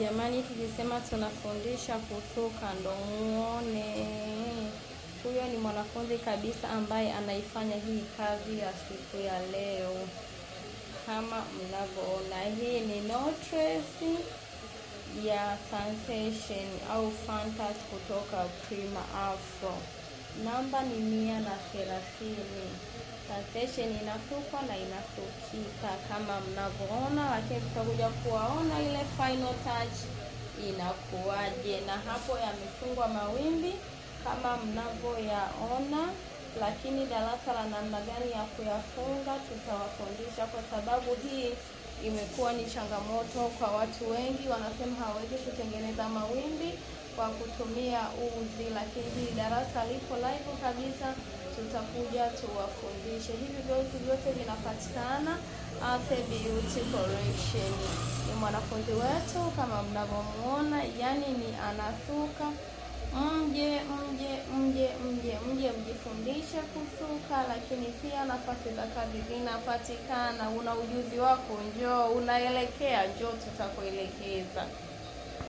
Jamani, tulisema tunafundisha kutoka, ndo muone, huyo ni mwanafunzi kabisa ambaye anaifanya hii kazi ya siku ya leo kama mnavyoona. Hii ni notress ya Sensation au Fantas kutoka Prima Afro, namba ni mia na thelathini. Transportation inasukwa na inasukika kama mnavyoona, lakini tutakuja kuwaona ile final touch inakuwaje, na hapo yamefungwa mawimbi kama mnavyoyaona lakini darasa la namna gani ya kuyafunga tutawafundisha, kwa sababu hii imekuwa ni changamoto kwa watu wengi, wanasema hawawezi kutengeneza mawimbi kwa kutumia uzi, lakini hili darasa liko live kabisa, tutakuja tuwafundishe. Hivi vyote vyote vinapatikana Ape Beauty Collection. Ni mwanafunzi wetu kama mnavyomuona, yani ni anasuka. Mje mje mje mje mje mjifundishe kusuka, lakini pia nafasi za kazi zinapatikana. Una ujuzi wako, njoo. Unaelekea, njoo, tutakuelekeza.